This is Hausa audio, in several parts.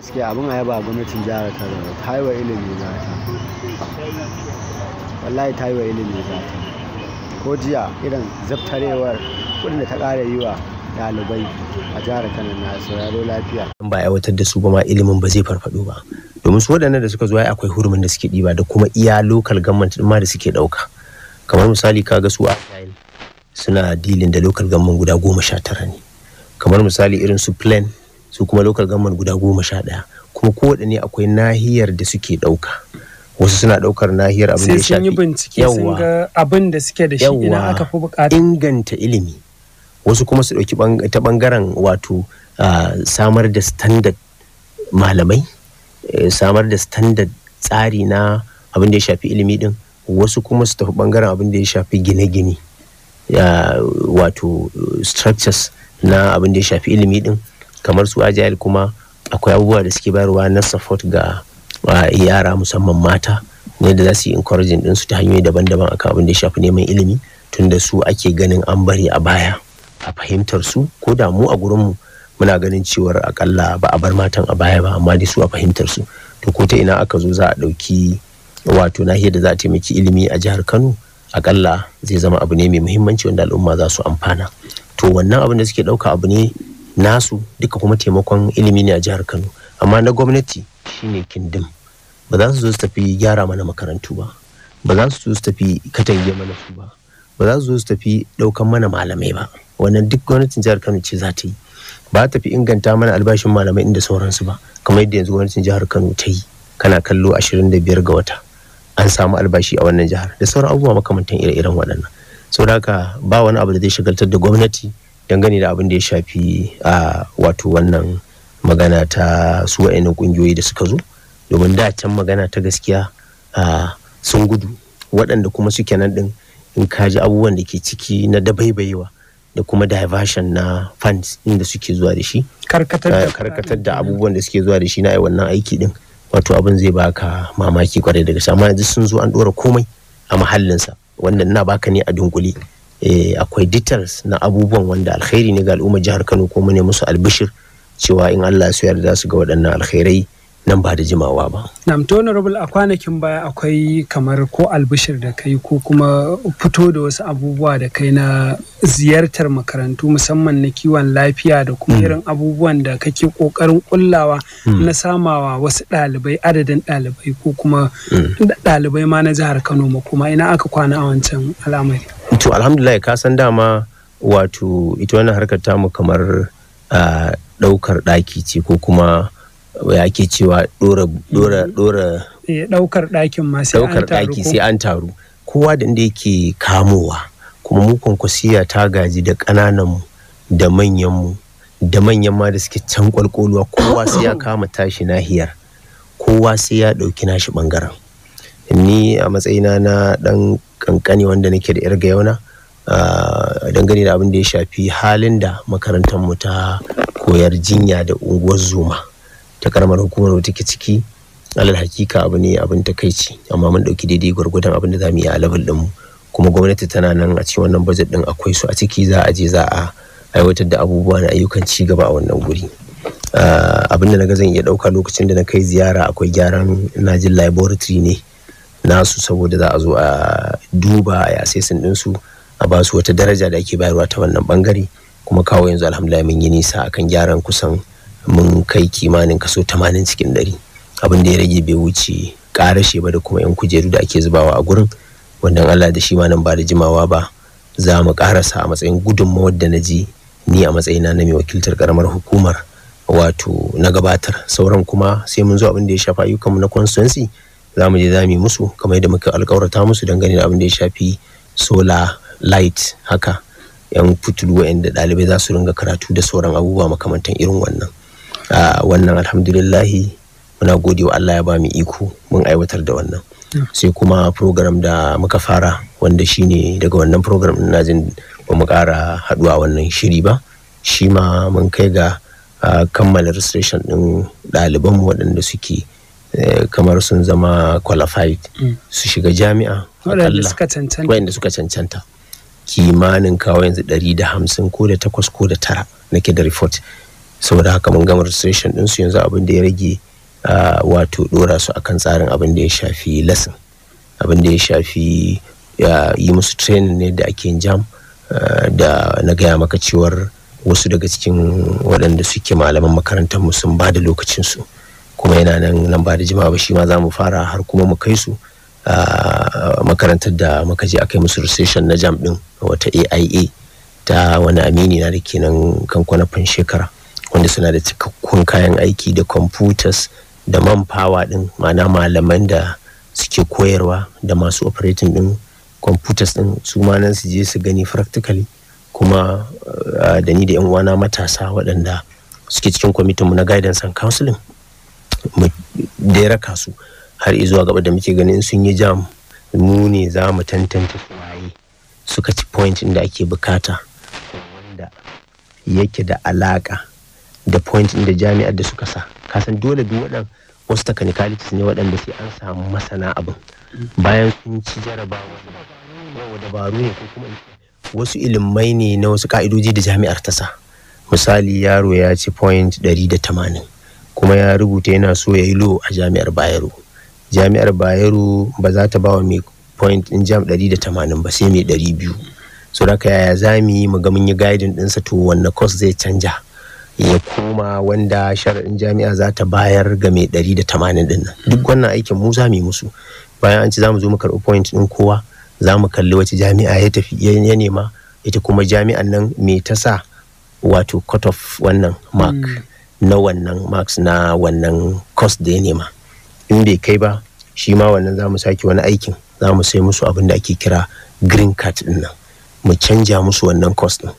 gaskiya abin a yaba gwamnatin jihar kano ta yi wa ilimi za ta wallahi ta yi wa ilimi za ta ko jiya irin zaftarewar kudin da ta ƙara yi wa ɗalibai a jihar kano na sauraro lafiya ba a aiwatar da su ba ma ilimin ba zai farfado ba domin su waɗannan da suka zo akwai hurumin da suke ɗiba da kuma iya lokal government ma da suke ɗauka kamar misali kaga su a suna dilin da lokal government guda goma sha tara ne kamar misali irin su plane su kuma local government guda goma sha daya. kuma kowaɗanne akwai nahiyar da suke ɗauka wasu suna ɗaukar nahiyar abin da ya shafi yi bincike abin da suke da shi idan aka fi bukata inganta ilimi wasu kuma su ɗauki ta ɓangaren wato samar da standard malamai e, samar da standard tsari na abin da ya shafi ilimi din wasu kuma su tafi bangaren abin da ya shafi gine-gine wato structures na abin da ya shafi ilimi din kamar su agile kuma akwai abubuwa da suke bayarwa na support ga yara musamman mata ne da za su yi encouraging ɗinsu ta hanyoyi daban-daban akan abin da shafi neman ilimi tunda su ake ganin an bari a baya a fahimtar su ko da mu a gurinmu muna ganin cewar akalla ba a bar matan a baya ba amma dai su a fahimtar su to ko ta ina aka zo za a ɗauki wato nahiyar da za a taimaki ilimi a jihar kano akalla zai zama abu ne mai muhimmanci wanda al'umma za su amfana to wannan abin da suke ɗauka abu ne nasu duka kuma taimakon ilimi ne a jihar kano amma na gwamnati shine kindim ba za su zo su tafi gyara mana makarantu ba ba za su zo su tafi katange mana su ba ba za su zo su tafi daukan mana malamai ba wannan duk gwamnatin jihar kano ce za ta yi ba ta fi inganta mana albashin malamai inda sauransu ba kamar yadda yanzu gwamnatin jihar kano ta yi kana kallo ashirin da biyar ga wata an samu albashi a wannan jihar da sauran abubuwa makamantan ire-iren waɗannan saboda haka ba wani abu da zai shagaltar da gwamnati dangane da abin da ya shafi a wato wannan magana ta su wa'annan kungiyoyi da suka zo domin da can magana ta gaskiya a sun gudu waɗanda kuma suke nan ɗin in kaji abubuwan da ke ciki na dabaibayewa da kuma diversion na funds inda suke zuwa da shi karkatar da abubuwan da suke zuwa da shi na wannan aiki din wato abin zai baka mamaki kwarai daga amma yanzu sun zo an ɗora komai a mahallinsa wannan na baka ne a dunkule Eh, akwai details na abubuwan wanda alkhairi ne ga al'ummar jihar kano ko ne musu albishir cewa in allah su yarda su ga waɗannan alkhairai nan ba da jimawa ba. na to rubul a kwanakin baya akwai kamar ko albishir da kai ko kuma fito da wasu abubuwa da kai na ziyartar makarantu musamman na kiwon lafiya da kuma hmm. irin abubuwan da kake kokarin kullawa hmm. na samawa wasu ɗalibai adadin ɗalibai ko kuma hmm. ɗalibai ma na jihar Kano ma kuma ina aka kwana a wancan al'amari. to alhamdulillah ka san dama wato ita wannan harkar mu kamar ɗaukar ɗaki ce ko kuma ya ke cewa dora dora eh, ɗaukar ɗakin ma sai ɗaukar ɗaki sai an taru kowa da inda yake kamowa kuma mu kwankwasiya ta gaji da mu da manyanmu da manyan ma da suke can kwalkwaluwa kowa sai ya kama tashi nahiyar kowa sai ya ɗauki nashi ɓangaren ni a matsayina na ɗan ƙanƙani wanda nake da 'yar gayauna dangane da abin da ya shafi halin da makarantarmu ta koyar jinya da unguwar zuma ta karamar hukumar wata ke ciki alal hakika abu ne abin takaici amma mun ɗauki daidai gwargwadon abin da za mu yi a level ɗinmu kuma gwamnati tana nan a cikin wannan budget din akwai su a ciki za a je za a aiwatar da abubuwa na ayyukan ci gaba a wannan guri abin da na ga zan iya ɗauka lokacin da na kai ziyara akwai gyaran najin jin laboratory ne nasu saboda za a zo a duba a yasesin ɗinsu a ba su wata daraja da ake bayarwa ta wannan bangare kuma kawo yanzu alhamdulillah mun yi nisa akan gyaran kusan mun kai kimanin kaso 80 cikin 100 abin da ya rage bai wuce karashe ba da kuma yan kujeru da ake zubawa a gurin wannan Allah da shi ma nan ba da jimawa ba za mu karasa a matsayin gudunmawar da na ji ni a matsayina na mai wakiltar karamar hukumar wato na gabatar sauran kuma sai mun zo abin da ya shafa ayyukanmu na constituency za mu je za mu yi musu kamar yadda muka alkawarta musu don da abin da ya shafi solar light haka yan fitulu wa'anda ɗalibai za su ringa karatu da sauran abubuwa makamantan irin wannan wannan alhamdulillahi muna gode wa Allah ya ba mu iko mun aiwatar da wannan sai kuma program da muka fara wanda shine daga wannan program na jin ba mu ƙara haduwa wannan shiri ba shi ma mun kai ga kammala registration ɗin ɗalibanmu waɗanda suke Eh, kamar sun zama qualified mm. su shiga jami'a wadanda suka cancanta kimanin kawo yanzu ɗari da hamsin ko da takwas ko da tara nake da report saboda haka mun gama registration su yanzu abin da ya rage wato dora su akan tsarin abin da ya shafi lesson abin da ya shafi yi musu training ne da ake jam da na gaya maka cewar wasu daga cikin waɗanda suke malaman makarantar mu sun ba da lokacinsu kuma yana nan nan ba da jima ba shi ma za mu fara har kuma mu kai su a makarantar da muka je aka yi musu recession na jam din wata AIA ta wani amini na da kenan nan kan fan shekara wanda suna da cikakkun kayan aiki da computers da man fawa din ma'ana malaman da suke koyarwa da masu operating din computers din su ma nan su je su gani practically kuma da ni da yan uwana matasa waɗanda suke cikin kwamitin mu na guidance and counseling da ya raka su har izuwa gaba da muke ganin sun yi jam mu ne za mu tantance waye suka ci point da ake bukata wanda yake da alaka da point inda jami'ar da suka sa kasan dole duk waɗan wasu technicalities ne waɗanda sai an samu masana abin bayan sun ci jarabawa yawa dabaru ne ko kuma wasu ilimai ne na wasu ka'idoji da jami'ar ta sa misali yaro ya ci point 180 kuma ya rubuta yana so ya yi lo a jami'ar bayero jami'ar bayero ba za ta bawa mai point in jam 180 ba sai mai 200 so da yaya za mu yi mu ga mun yi guiding ɗinsa to wanne kwas zai canja ya koma wanda shari'in jami'a za ta bayar ga mai 180 ɗin nan duk wannan aikin mu za mu yi musu bayan an ci za mu zo mu karɓi point ɗin kowa za mu kalli wace jami'a ya tafi ya nema ita kuma jami'an nan mai ta sa wato cut off wannan mark na wannan max na wannan cost da ya nema in bai kai ba shi ma wannan za mu sake wani aikin za mu sai musu abin da ake kira green card din nan mu canja musu wannan cost din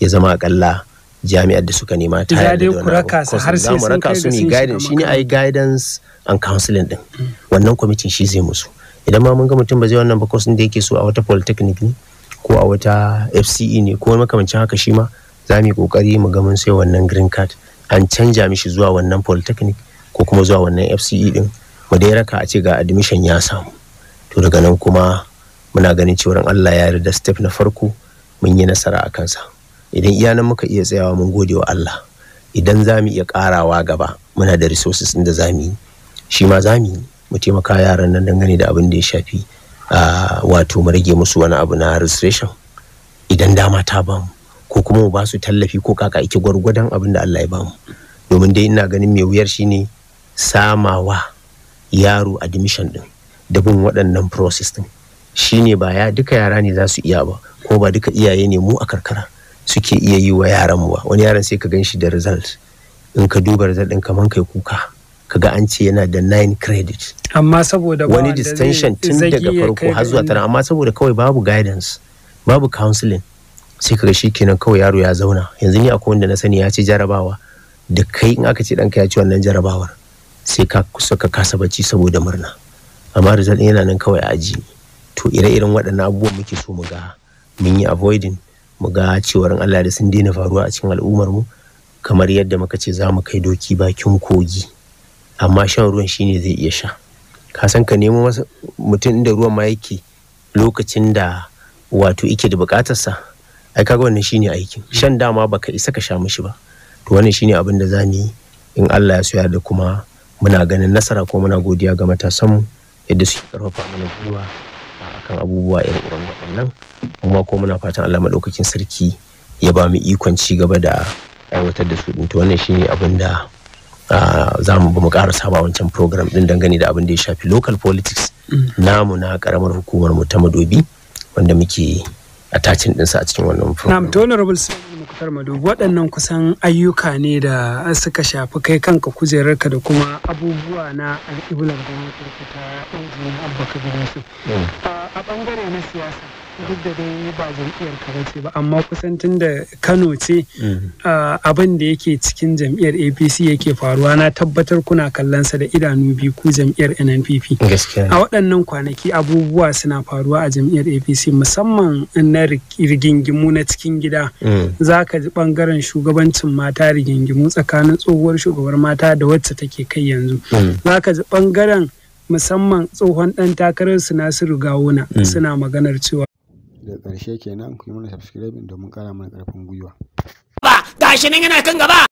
ya zama akalla jami'ar da suka nema ta yadda da wannan din za mu raka su ne guidance ai guidance and counseling din mm. wannan kwamitin shi zai musu idan ma mun ga mutum ba zai wannan ba course din da yake so a wata polytechnic ne ko a wata FCE ne ko makamancin haka shi ma za mu yi kokari mu ga mun sai wannan green card an canja mishi zuwa wannan polytechnic ko kuma zuwa wannan fce din mu dai raka a ce ga admission ya samu to daga nan kuma muna ganin cewa allah ya yarda step na farko mun yi nasara a kansa idan iya nan muka iya tsayawa mun gode wa allah idan za mu iya karawa gaba muna da resources din da za mu yi shi ma za mu yi mu taimaka yaran nan dangane da abin da ya shafi ah, wato mu rage musu wani abu na registration idan dama ta bamu ko kuma mu ba su tallafi ko kaka ike gwargwadon abin da Allah ya ba mu domin dai ina ganin mai wuyar shine samawa yaro admission din da bin waɗannan process din shine ba ya duka yara ne za su iya ba ko ba duka iyaye ne mu a karkara suke iya yi wa yaran mu ba wani yaron sai ka gan shi da result in ka duba result din kaman kai kuka kaga an ce yana da 9 credit amma saboda wani distinction tun daga farko har zuwa tara amma saboda kawai babu guidance babu counseling sai kaga shi kenan kawai yaro ya zauna yanzu ni akwai wanda na sani ya ce jarabawa da kai in aka ce ɗanka ya ci wannan jarabawar sai ka kusa ka kasa bacci saboda murna amma result yana nan kawai a aji to ire-iren waɗannan abubuwan muke so mu ga mun yi avoiding mu ga cewar Allah da sun daina faruwa a cikin al'ummar mu kamar yadda muka ce za mu kai doki bakin kogi amma shan ruwan shine zai iya sha ka san ka nemo mutum inda ruwan ma yake lokacin da wato yake da bukatarsa ai kaga wannan shine aikin shan dama baka isa ka sha mishi ba to wannan shine abin da zani in Allah ya soya da kuma muna ganin nasara ko muna godiya ga matasan mu yadda suke karfafa mana gwiwa akan abubuwa irin irin waɗannan kuma ko muna fatan Allah madaukakin sarki ya ba mu ikon ci gaba da aiwatar da su to wannan shine abin da za mu mu ƙara saba wancan program din dangane da abin da ya shafi local politics mm. namu na karamar hukumar mu ta madobi wanda muke attaching ɗinsa a cikin wannan program. Na'am, to honorable Mukhtar Madu waɗannan kusan ayyuka ne da suka shafi kai kanka kujerarka da kuma abubuwa na al'ibular al'iblar gwamnatin ta Abba Kabir su. Mm. A ɓangare na siyasa duk da dai ba jam'iyyar kano ce ba amma kusan tun da kano ce mm. abin da yake cikin jam'iyyar apc yake faruwa na tabbatar kuna kallon sa da idanu biyu ku jam'iyyar nnpp a waɗannan kwanaki abubuwa suna faruwa a jam'iyyar apc musamman na rigingimu na cikin gida mm. za ka ji ɓangaren shugabancin mata rigingimu tsakanin tsohuwar shugabar mata da wacce take kai yanzu mm. za ka ji ɓangaren musamman tsohon ɗan takarar su nasiru gawuna suna maganar cewa da ƙarshe kenan ku yi mana subscribing domin ƙara mana ƙarfin gwiwa. Ba gashi nan yana kan gaba.